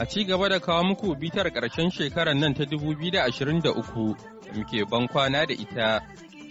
A ci gaba da kawo muku bitar ƙarshen shekarar nan ta 2023 da muke ban kwana da ita.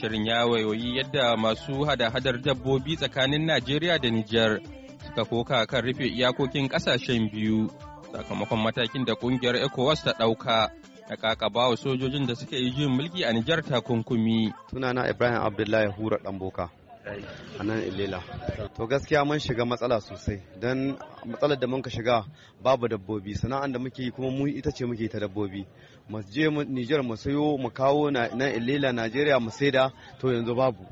Shirin ya wayoyi yadda masu hada-hadar dabbobi tsakanin Najeriya da Nijar suka koka kan rufe iyakokin ƙasashen biyu sakamakon matakin da ƙungiyar ECOWAS ta ɗauka da kakaba wa sojojin da suka yi jin mulki a Nijar takunkumi. Tunana Ibrahim Abdullahi Hura Ɗanboka. a nan ilila to gaskiya mun shiga matsala sosai don matsalar da muka shiga babu dabbobi sana'an da muke yi kuma mu ita ce muke ta dabbobi mu je Nijar mu sayo mu kawo nan ilila Najeriya mu saida to yanzu babu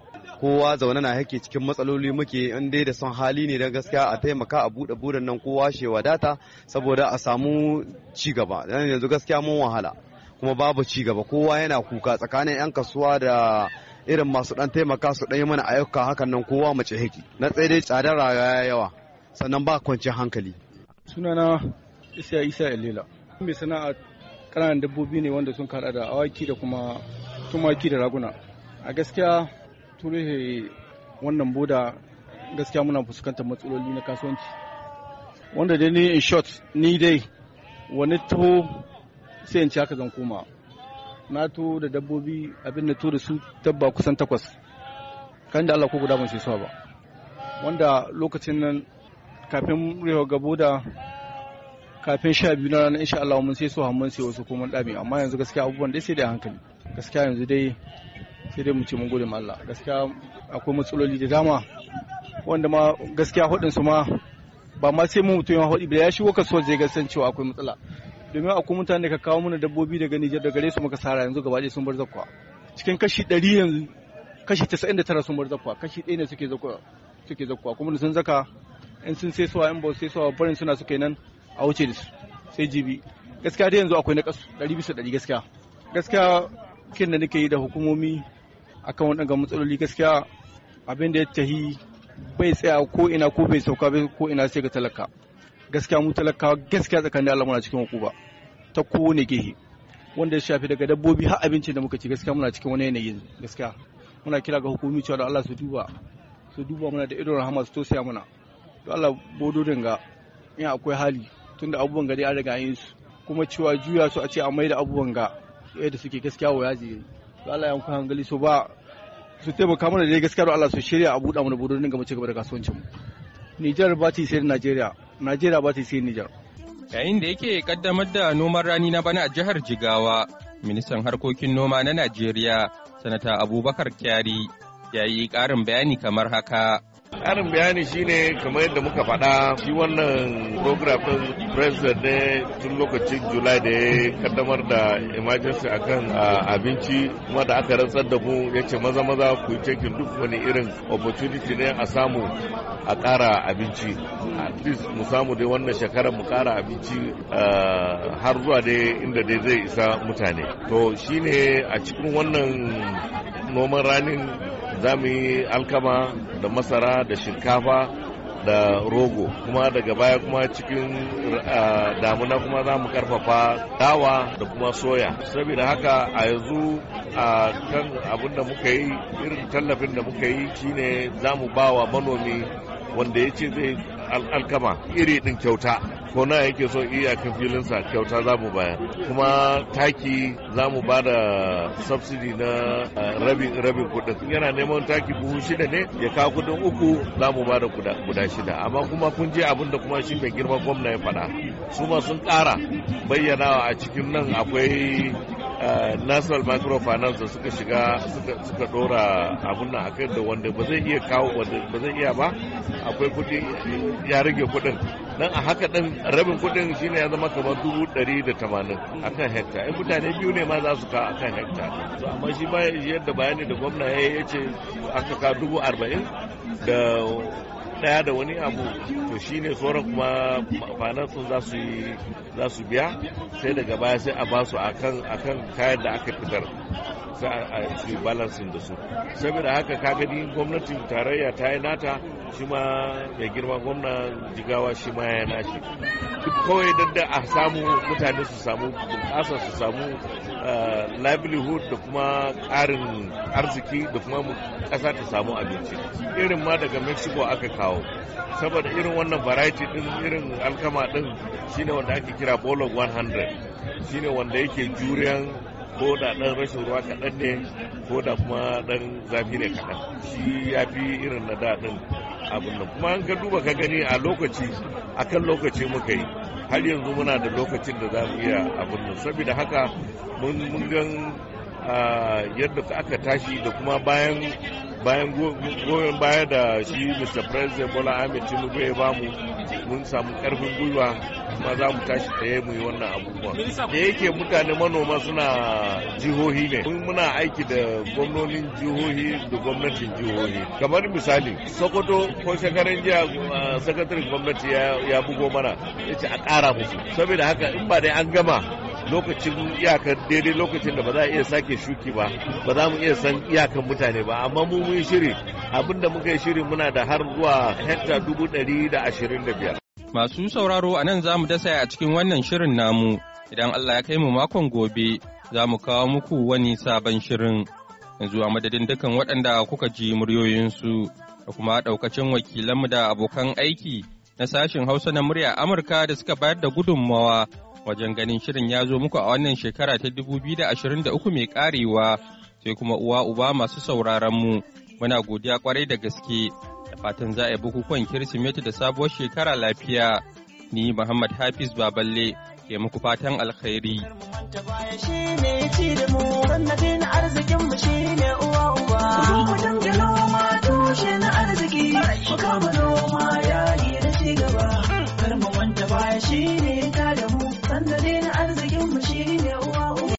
kowa zaune na yake cikin matsaloli muke in dai da son hali ne da gaskiya a taimaka a buɗe buren nan kowa shi wadata saboda a samu ci gaba yanzu gaskiya mun wahala kuma babu ci gaba kowa yana kuka tsakanin 'yan kasuwa da irin masu dan taimaka su dan yi mana ayyuka hakan nan kowa mace haki na tsaye dai tsadar rayuwa yawa sannan ba kwanciyar hankali sunana isa isa elela mai sana'a kananan dabbobi ne wanda sun kada da awaki da kuma tumaki da raguna a gaskiya turehe wannan boda gaskiya muna fuskantar matsaloli na kasuwanci wanda dai ni in short ni dai wani taho sai in ci haka zan koma na to da dabbobi abin da to da su tabba kusan takwas kan da Allah ko guda ban shi ba wanda lokacin nan kafin rewa gabo da kafin sha biyu na ranar insha Allah mun sai su hamman sai wasu kuma dami amma yanzu gaskiya abubuwan dai sai dai hankali gaskiya yanzu dai sai dai mu ce mun gode ma Allah gaskiya akwai matsaloli da dama wanda ma gaskiya hudin su ma ba ma sai mu mutum ya hudi ba ya shigo kasuwar zai ga san cewa akwai matsala domin akwai mutane da ka kawo mana dabbobi daga Nijar da gare su muka sara yanzu gaba sun bar zakwa cikin kashi 100 yanzu kashi 99 sun bar zakwa kashi 1 ne suke zakwa suke zakwa kuma sun zaka in sun sai suwa in ba sai suwa barin suna suka nan a wuce da su sai jibi gaskiya dai yanzu akwai na kasu 100 bisa 100 gaskiya gaskiya kin da nake yi da hukumomi akan waɗannan matsaloli gaskiya abin da ya tahi bai tsaya ko ina ko bai sauka ko ina sai ga talaka gaskiya mu talakawa gaskiya tsakanin Allah muna cikin hukuba ta kowane gehe wanda ya shafi daga dabbobi har abinci da muka ci gaskiya muna cikin wani yanayi gaskiya muna kira ga hukumi cewa da Allah su duba su duba muna da idon rahama su tosiya muna to Allah bodo dinga in akwai hali tunda abubuwan gari an riga an yi su kuma cewa juya su a ce a mai da abubuwan ga yadda suke gaskiya wa yaji to Allah ya kuma hangali so ba su taimaka mana da gaskiya da Allah su shirya a buɗa mana bodo dinga mu ci gaba da kasuwancin mu Nijar ba ta sai da Najeriya Najeriya ba ta sai Nijar. Yayin da yake kaddamar da noman rani na bana a jihar Jigawa, ministan harkokin noma na Najeriya, Sanata Abubakar Kyari, ya yi ƙarin bayani kamar haka. Karin bayani shine kamar yadda muka faɗa shi wannan program president ne tun lokacin July da ya kaddamar da emergency kan. abinci kuma da aka rantsar da mu ya ce maza maza ku yi cikin duk wani irin opportunity ne a samu a ƙara abinci at least mu samu dai wannan shekarar mu ƙara abinci har zuwa dai inda dai zai isa mutane to shine a cikin wannan noman ranin za mu yi alkama da masara da shinkafa da rogo kuma daga baya kuma cikin damuna kuma za mu karfafa dawa da kuma soya saboda haka a yanzu a kan abin da muka yi irin tallafin da muka yi shine za mu ba wa manomi wanda ya ce zai alkama iri din kyauta ko na yake so filin filinsa kyauta za mu bayar kuma taki za mu ba da subsidy na eh, rabin kudin yana neman taki buhu shida ne ya kawo kudin uku za mu ba da guda shida amma kuma kun je abin da kuma shi mai girma gwamna ya faɗa su ma sun ƙara bayyanawa a cikin nan akwai eh, national microfinance da suka shiga suka dora abun nan akan da wanda ba zai iya kawo wanda ba zai iya ba akwai kudi ya rage kudin nan a haka ɗin rabin kuɗin shine ya zama kamar dubu ɗari da tamanin akan hekta in mutane biyu ne ma za su ka akan hekta amma shi ba yadda bayani da gwamna ya ce aka ka dubu arba'in da daya da wani abu to shine sauran kuma fanar za su za su biya sai daga baya sai a basu a kan kayan da aka fitar za a su balancing da su saboda haka ka gani gwamnatin tarayya ta yi nata shi ma ya girma gwamna jigawa shi ma ya nashi duk kawai don da a samu mutane su samu bunƙasa su samu eh, livelihood da kuma ƙarin arziki da kuma ƙasa ta samu abinci irin ma daga mexico aka kawo saboda irin wannan variety din irin alkama din shine wanda ake kira bolog 100 shine wanda yake juriyan ko da dan rashin ruwa kaɗan ne ko da kuma dan zafi ne kaɗan shi ya fi irin na da ɗin abin nan kuma an ka duba ka gani a lokaci akan lokaci muka yi har yanzu muna da lokacin da za mu iya abin nan saboda haka mun gan yadda aka tashi da kuma bayan bayan goyon baya da shi mr president bola ahmed tinubu ya mu mun samu karfin gwiwa kuma za mu tashi tsaye mu yi wannan abubuwa da yake mutane manoma suna jihohi ne muna aiki da gwamnonin jihohi da gwamnatin jihohi kamar misali sokoto ko shekarun jiya sakataren gwamnati ya bugo mana ya ce a kara musu saboda haka in ba dai an gama lokacin iyakar daidai lokacin da ba za a iya sake shuki ba ba za mu iya san iyakan mutane ba amma mu mun shiri abin da muka yi shiri muna da har zuwa hekta dubu ɗari da ashirin da biyar. Masu sauraro a nan za mu dasa a cikin wannan shirin namu idan Allah ya kai mu makon gobe za mu kawo muku wani sabon shirin. Yanzu a madadin dukan waɗanda kuka ji muryoyinsu da kuma ɗaukacin wakilanmu da abokan aiki na sashen Hausa na murya Amurka da suka bayar da gudunmawa wajen ganin shirin ya zo muku a wannan shekara ta 2023 mai karewa sai kuma uwa uba masu sauraron mu muna godiya kwarai da gaske da fatan za a yi bukukuwan kirsimeti da sabuwar shekara lafiya ni muhammad hafiz baballe ke muku fatan alkhairi